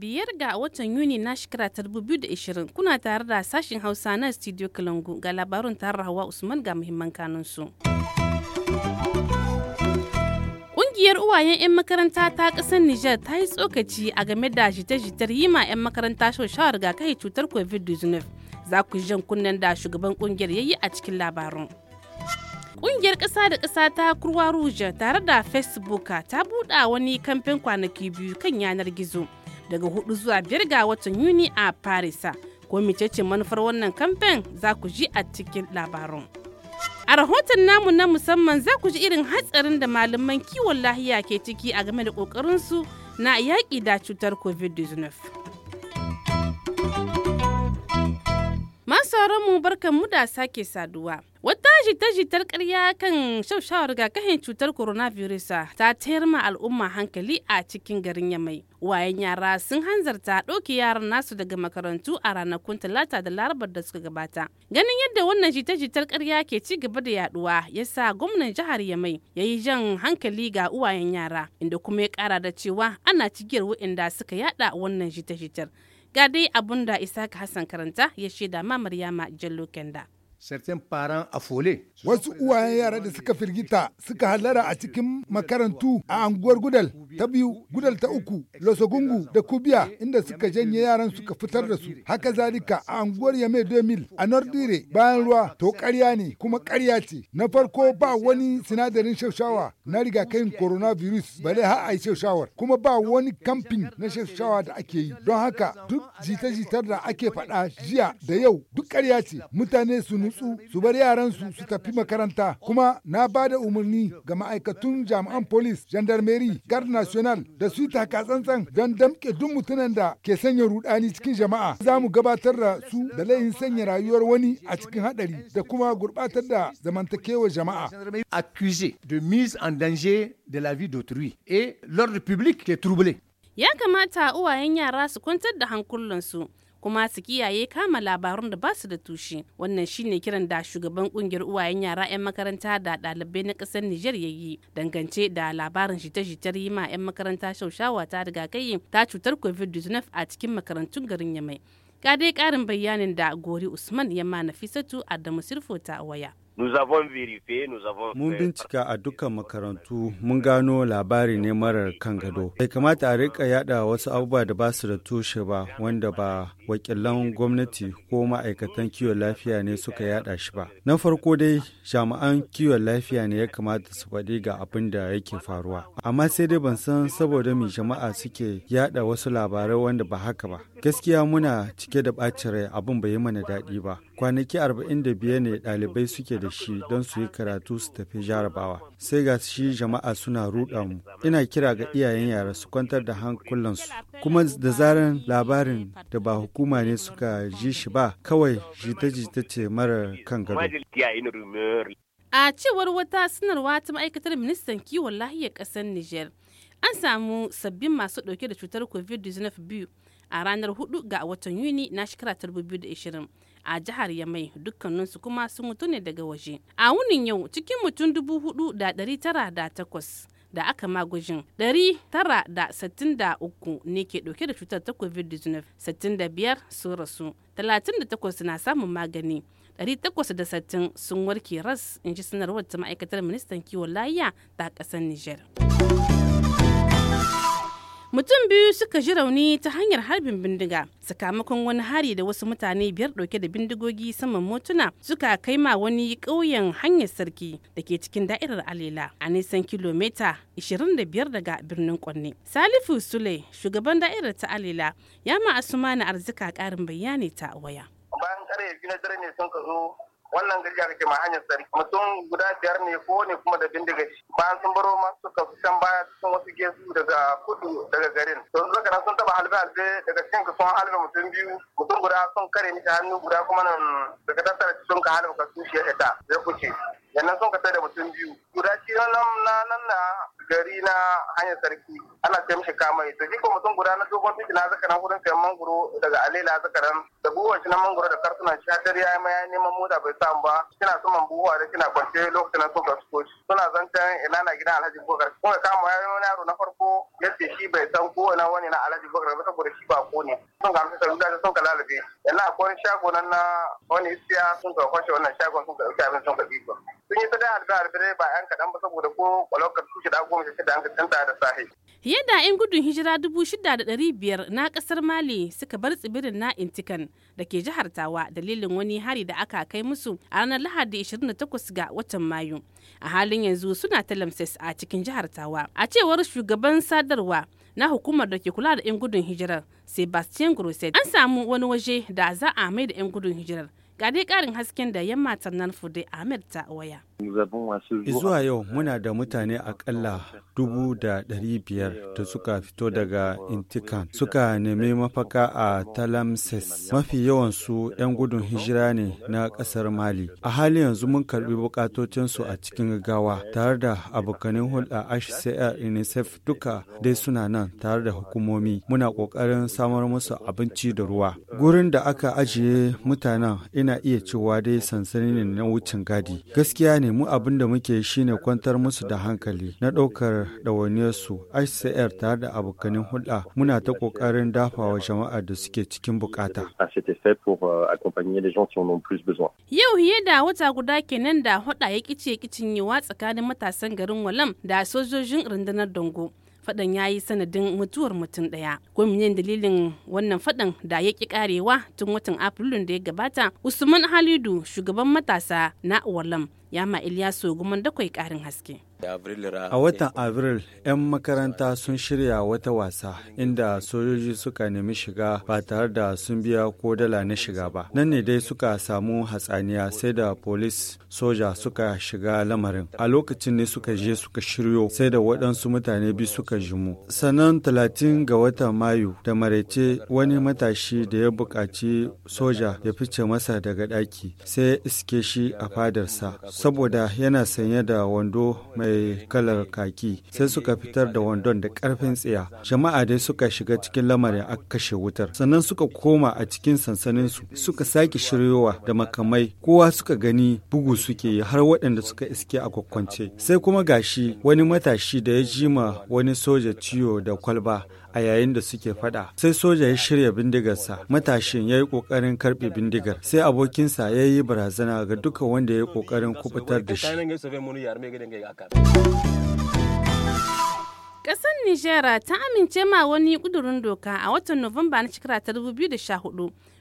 biyar ga watan Yuni na shekara ta 2020 kuna tare da sashen Hausa na studio Kalangu ga labarin tarrawa Usman ga muhimman kanunsu. Ƙungiyar uwayen 'yan makaranta ta ƙasar niger ta yi tsokaci a game da jita-jitar yi ma 'yan makaranta shawarar kai cutar COVID-19. za ku jan kunnen da shugaban kungiyar ya yi a cikin labarin. Kungiyar ƙasa da ƙasa ta Kurwa Rouge tare da Facebook ta buɗa wani kamfen kwanaki biyu kan yanar gizo daga 4 zuwa 5 ga watan Yuni a Paris. Ko ce manufar wannan kamfen za ku ji a cikin labarin. A rahoton namu na musamman za ku ji irin hatsarin da malaman kiwon lahiya ke ciki a game da ƙoƙarinsu na yaƙi da cutar COVID-19. barkan mu da sake saduwa. Wata jita-jitar karya kan shaushawar rigakafin cutar coronavirus ta tayar ma al'umma hankali a cikin garin Yamai. Wayan yara sun hanzarta ɗauki yaran nasu daga makarantu a ranakun Talata da Larabar da suka gabata. Ganin yadda wannan jita-jitar karya ke ci gaba da yaduwa ya sa gwamnan jihar Yamai ya yi jan hankali ga uwayen yara inda kuma ya ƙara da cewa ana cigiyar waɗanda suka yada wannan jita-jitar. Ga dai abun da Isaac Hassan karanta ya shaida ma Maryama Jallo Kenda. Wasu uwayen yara da suka firgita suka halara a cikin makarantu a anguwar Gudal ta biyu, Gudal ta uku, Losogungu da Kubiya inda suka janye yaran suka fitar da su. Haka zalika a anguwar Yame 2000 a Nordire bayan ruwa to ƙarya ne kuma karya ce. Na farko ba wani sinadarin shaushawa na rigakafin coronavirus bare har a yi shaushawar kuma ba wani kamfin na shaushawa da ake yi. Don haka duk jita-jitar da ake faɗa jiya da yau duk karya ce mutane su su su bar yaran su su tafi makaranta kuma na ba da umarni ga ma'aikatun jami'an polis gendarmerie guard national da su taka tsantsan don damke duk mutunan da ke sanya rudani cikin jama'a za mu gabatar da su da layin sanya rayuwar wani a cikin hadari da kuma gurbatar da zamantakewar jama'a accusé de mise en danger de la vie d'autrui et l'ordre public est troublé ya kamata uwayen yara su kwantar da hankulansu kuma su kiyaye kama labarun da basu da tushe wannan shine kiran da shugaban kungiyar uwayen yara 'yan makaranta da dalibai na ƙasar Nijar ya yi dangance da labarin shita-shitar yi ma 'yan makaranta shaushawa ta kai ta cutar covid-19 a cikin makarantun garin Yamai. ka dai karin bayanin da Gori Usman ya ma Nafisatu Adamu Sirfo ta waya. Mun bincika a dukkan makarantu mun gano labari ne marar kan gado. Bai kamata a rika yada wasu abubuwa da ba su da tushe ba wanda ba wakilan gwamnati ko ma'aikatan kiwon lafiya ne suka yada shi ba. Na farko dai jami'an kiwon lafiya ne ya kamata su faɗi ga abin da yake faruwa. Amma sai dai ban san saboda mai jama'a suke yada wasu labarai wanda ba haka ba. Gaskiya muna cike da ɓacin rai abin bai yi mana daɗi ba. Kwanaki 45 ne ɗalibai suke da shi don su yi karatu su tafi jarabawa. Sai ga shi jama'a suna ruɗa mu. Ina kira ga iyayen yara su kwantar da hankulansu. Kuma da zaran labarin da ba hukuma ne suka ji shi ba kawai jita-jita ce mara kan gado. A cewar wata sanarwa ta ma'aikatar ministan kiwon lahiyar ƙasar Nijar, an samu sabbin masu ɗauke da cutar COVID-19 biyu a ranar 4 ga watan yuni na shekarar 2020 a jihar yamai dukkaninsu kuma sun mutu ne daga waje a wunin yau cikin mutum 4,908 da aka magujin 963 ne ke dauke da cutar ta covid-19 65 sun rasu 38 na samun magani 860 sun warke ras in ji sanarwar ta ma'aikatar ministan kiwon lafiya ta kasar niger mutum biyu suka ji rauni ta hanyar harbin bindiga sakamakon wani hari da wasu mutane biyar dauke da bindigogi saman motuna suka kai ma wani ƙauyen hanyar sarki da ke cikin da'irar alela a nisan kilomita 25 daga birnin kwanne salifu sule shugaban da'irar ta alela ya ma asuma na arzika karin bayani ta waya bayan kare gina dare ne sun ka zo wannan gari da ce ma hanyar tsari mutum guda biyar ne ko ne kuma da bindiga shi bayan sun baro ma suka can baya cikin wasu gesu daga kudu daga garin sun zaka sun taba halbe halbe daga cikin ka sun halbe mutum biyu mutum guda sun kare mishi hannu guda kuma nan daga tattara sun ka halbe ka su shi ya ita ya kuce yannan sun ka da mutum biyu guda ci nan na nan na gari na hanyar sarki ana ce mishi yi to jikin mutum guda na dogon titi na nan wurin sayan mangoro daga alela nan da buwan shi na mangoro da kartunan shi hadari ya ma ya neman mota bai samu ba kina man buwa da kina kwance lokacin na tsoka su suna zantan ina na gidan alhaji bukar kuma kama ya wani yaro na farko ya ce shi bai san ko na wani na alhaji bukar ba saboda shi ba ko ne sun ga amsa saruda da sun ka lalabe yana akwai shago nan na wani isiya sun ka kwashe wannan shagon sun ka ɗauki abin sun ka biyu sun yi ta da ba yan kaɗan ba saboda ko kwalokar su shida goma shida an da sahi. Yadda 'yan gudun hijira dubu shida da ɗari biyar na ƙasar Mali suka bar tsibirin na Intikan da ke jihar Tawa dalilin wani hari da aka kai musu a ranar Lahadi 28 ga watan Mayu. A halin yanzu suna ta Lamses a cikin jihar Tawa. A cewar shugaban sadarwa na hukumar da ke kula da 'yan gudun hijirar Sebastian Grosset an samu wani waje da za a mai da 'yan gudun hijirar Ga dai ƙarin hasken da yan yamma nan Fude Ahmed ta waya. Zuwa yau muna da mutane akalla dubu da ɗari biyar da suka euh, fito daga Intikan suka nemi mafaka a Talamses. Mafi yawansu 'yan gudun hijira ne na ƙasar Mali. A halin yanzu mun karɓi bukatocinsu a cikin gawa tare da abokanin hulɗa HCR UNICEF duka dai suna nan tare da hukumomi. Muna ƙoƙarin samar musu abinci da ruwa. Gurin da aka ajiye mutanen ina iya cewa dai sansani ne na wucin gadi. Gaskiya ne mu abin da muke shine kwantar musu da hankali na ɗaukar ɗawainiyarsu HCR tare da abokanin hulɗa muna ta ƙoƙarin dafawa jama'a da suke cikin bukata. Ah, euh, Yau hiye da wata guda kenan da hulɗa ya kice kicin yiwa tsakanin matasan garin Walam da sojojin rundunar Dongo. fadan ya yi sanadin mutuwar mutum daya gwamnan dalilin wannan fadan da ya ki karewa tun watan afrilun da ya gabata usman halidu shugaban matasa na walam Yama Ilyasu da dakwai karin haske. A watan Abril, 'yan makaranta sun shirya wata wasa inda sojoji suka nemi shiga ba tare da sun biya ko dala na shiga ba. Nan ne dai suka samu hatsaniya sai da polis soja suka shiga lamarin. A lokacin ne suka je suka shiryo sai da waɗansu mutane biyu suka jimu. Sannan talatin ga watan Mayu da maraice wani matashi da ya buƙaci soja ya fice masa daga ɗaki sai iske shi a fadarsa. saboda yana sanye da wando mai kalar kaki sai suka fitar da wandon da karfin tsiya jama'a dai suka shiga cikin lamarin aka kashe wutar sannan suka koma a cikin sansanin su suka sake shiryowa da makamai kowa suka gani bugu suke yi har waɗanda suka iske a kwakwance sai kuma gashi wani matashi da ya jima wani soja ciwo da kwalba a yayin da suke fada sai soja ya shirya bindigarsa matashin ya yi kokarin karbe bindigar sai abokinsa ya yi barazana ga duka wanda ya yi kokarin kubutar da shi Ƙasar Nijera ta amince ma wani ƙudurin doka a watan Nuwamba na shekara ta 2014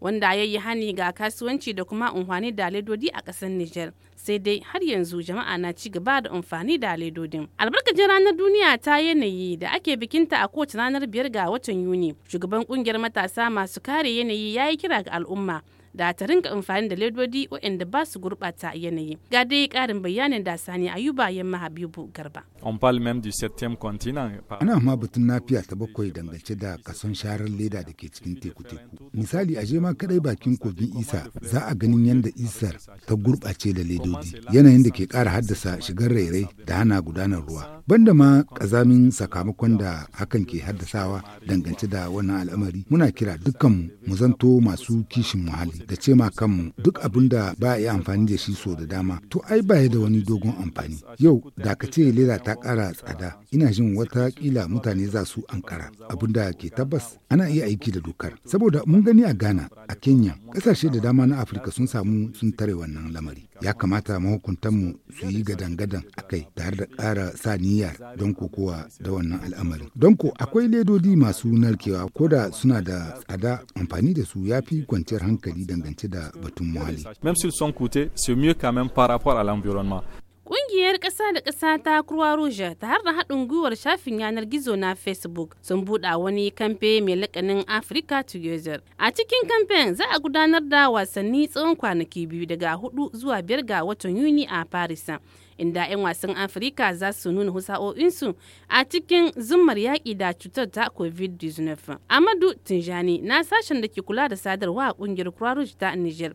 wanda ya yi hani ga kasuwanci da kuma unhwani da ledodi a ƙasar Nijar. Sai dai har yanzu jama'a na ci gaba da amfani da ledodin. wajen ranar duniya ta yanayi da ake bikinta a kowace ranar biyar ga watan Yuni, shugaban kungiyar matasa masu kare yanayi ya yi kira ga al'umma da ta rinka amfani da ledodi waɗanda ba su gurɓata yanayi ga dai ƙarin bayanin da sani ayuba yamma habibu garba on parle du septième continent eh, ana ma batun nafiya ta bakwai dangance da kason sharar leda da ke cikin teku teku misali a ma kadai bakin kogin isa za a ganin yadda isar ta gurɓace da ledodi yanayin da ke ƙara haddasa shigar rairai da hana gudanar ruwa banda ma kazamin sakamakon da hakan ke haddasawa dangance da wannan al'amari muna kira dukkan mu zanto masu kishin muhalli da ce ma kanmu duk abin da ba a yi amfani da shi so da dama to ai ba da wani dogon amfani yau da ka ce leda ta ƙara tsada ina jin wata kila mutane za su ankara abin da ke tabbas ana iya aiki da dokar saboda mun gani a ghana a kenya ƙasashe da dama na afirka sun samu sun tare wannan lamari ya kamata mahukuntanmu su yi gadan-gadan a kai tare da ƙara sa niyyar don kokowa da wannan al'amarin don ko akwai ledodi masu narkewa ko da suna da tsada amfani da su ya fi kwanciyar hankali da dangance da batun muhalli. Même s'ils sont coûtés, c'est mieux quand même par rapport à l'environnement. Ƙungiyar ƙasa da ƙasa ta Kruwa Rouge ta har da haɗin gwiwar shafin yanar gizo na Facebook sun buɗa wani kamfe mai lakanin Africa Together. A cikin kamfen za a gudanar da wasanni tsawon kwanaki biyu daga 4 zuwa 5 ga watan Yuni a Paris. inda 'yan wasan afirka za su nuna husa'o'insu a cikin zumar yaƙi da cutar ta covid-19 amadu tinjani na sashen da ke kula da sadarwa a ƙungiyar kwaruj ta niger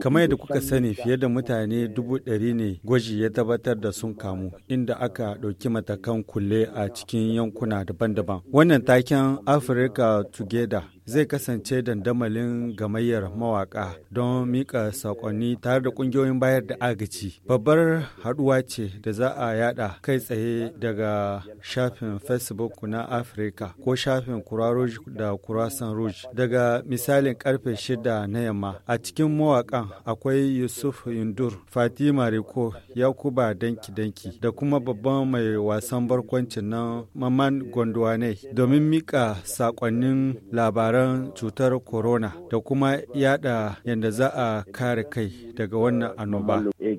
kamar yadda kuka sani fiye da mutane dubu ɗari ne gwaji ya tabbatar da sun kamu inda aka ɗauki matakan kulle a cikin yankuna daban-daban wannan taken afirka together zai kasance dandamalin gamayyar mawaka don mika sakonni tare da ƙungiyoyin bayar da agaci. Babbar haduwa ce da za a yada kai tsaye daga shafin Facebook na Afirka ko shafin Kura da Kurasan Rouge daga misalin karfe shida na yamma. A cikin mawakan akwai Yusuf Yundur, Fatima Riko, Yakuba Danki Danki da kuma babban mai wasan barkwancin nan Maman Gondwane domin mika sakonnin labaran yaduwar cutar corona da kuma yada yadda za a kare kai daga wannan annoba. Euh,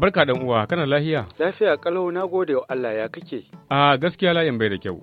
Barka da uwa, kana lahiya? Lafiya kalau na gode wa Allah ya kake. A ah, gaskiya layin bai da kyau.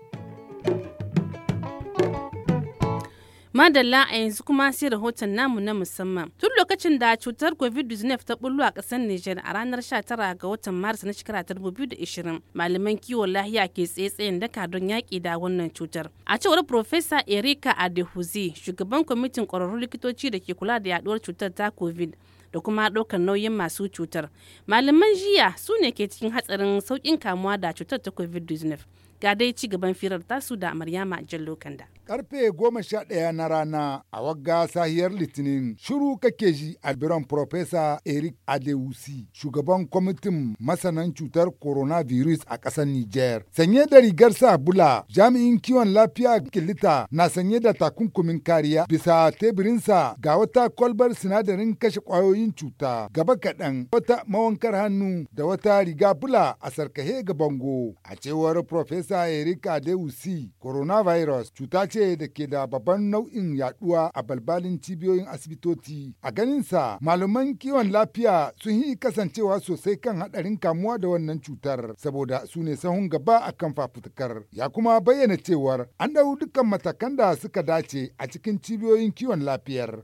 Madalla a yanzu kuma sai rahoton namu na musamman. Tun lokacin da cutar COVID-19 ta bullo a kasar Nijar a ranar 19 ga watan Maris na shekara 2020, malaman kiwon lahiya ke tsaye-tsayen daka don yaƙi da wannan cutar. A cewar Profesa Erika Adehuzi, shugaban kwamitin ƙwararrun likitoci da ke kula da yaɗuwar cutar ta COVID. da kuma ɗaukar nauyin masu cutar malaman jiya su ne ke cikin hatsarin sauƙin kamuwa da cutar ta covid-19 ga dai ci gaban firar tasu da maryama jallo kanda karfe goma sha ɗaya na rana a wagga sahiyar litinin shiru kake ji a biran Profesa Eric Adewusi, shugaban kwamitin masanan cutar coronavirus a ƙasar Nijar. Sanye da rigar sabula, jami'in kiwon lafiya kilita na sanye da takunkumin kariya bisa teburinsa ga wata kwalbar sinadarin kashe kwayoyin cuta gaba kaɗan wata mawankar hannu da wata riga bula a sarkahe ga bango. A cewar Profesa Eric Adewusi, coronavirus cuta ce ce da ke da babban nau'in yaduwa a balbalin cibiyoyin asibitoci. A ganinsa, malaman kiwon lafiya sun yi kasancewa sosai kan hadarin kamuwa da wannan cutar saboda su ne sahun gaba a kan fafutukar. Ya kuma bayyana cewar an dau dukkan matakan da suka dace a cikin cibiyoyin kiwon lafiyar.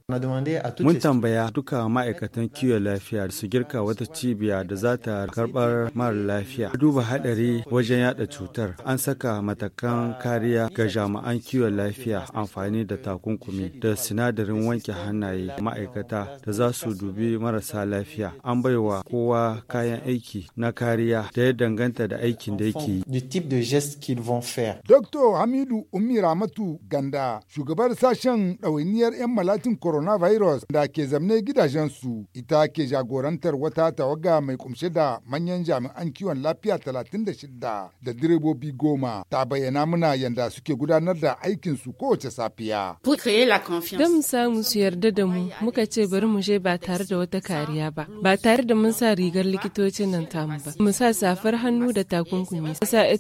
Mun tambaya duka ma'aikatan kiwon lafiya su girka wata cibiya da za ta karɓar mara lafiya. Duba hadari wajen yada cutar an saka matakan kariya ga jami'an kiwon lafiya. lafiya amfani da takunkumi da sinadarin wanke hannaye ma'aikata da za su dubi marasa lafiya an baiwa kowa kayan aiki na kariya da ya danganta da aikin da yake yi. Dr. Hamidu Ummi Ramatu Ganda, shugabar sashen ɗawainiyar 'yan malatin coronavirus da ke zamne gidajensu ita ke jagorantar wata tawaga mai kumshe da manyan jami'an kiwon lafiya 36 da direbobi goma ta bayyana muna yadda suke gudanar da aiki. su kowace safiya. Don mu samu su yarda da mu muka ce bari mu je ba tare da wata kariya ba, ba tare da mun sa rigar likitocin nan tamu ba, mu sa safar hannu da takunkumi, mu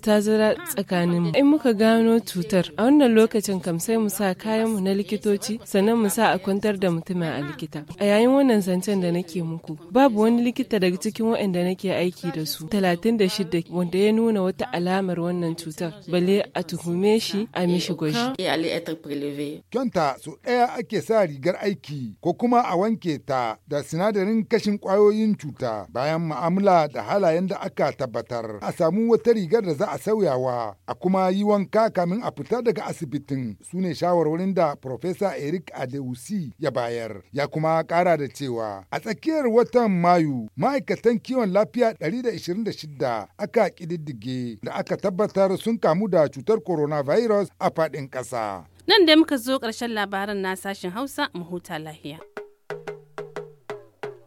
sa zara tsakanin mu. In muka gano cutar a wannan lokacin kam sai mu sa kayan mu na likitoci sannan mu sa a kwantar da mutumin a likita. A yayin wannan zancen da nake muku babu wani likita daga cikin waɗanda nake aiki da su talatin da shida wanda ya nuna wata alamar wannan cutar bale a tuhume shi a mishi gwaji. kyanta su ɗaya ake sa rigar aiki ko kuma a wanke ta da sinadarin kashin ƙwayoyin cuta bayan ma'amala da halayen da aka tabbatar. A samu wata rigar da za a sauyawa a kuma yi wanka kamin a fita daga asibitin su ne shawarwarin da Profesa Eric Adeusi ya bayar. Ya kuma ƙara da cewa a tsakiyar watan Mayu ma'aikatan kiwon lafiya 126 aka ƙididdige da aka tabbatar sun kamu da cutar coronavirus a faɗin ƙasa. ƙasa. Nan da muka zo ƙarshen labaran na sashen Hausa mu huta lahiya.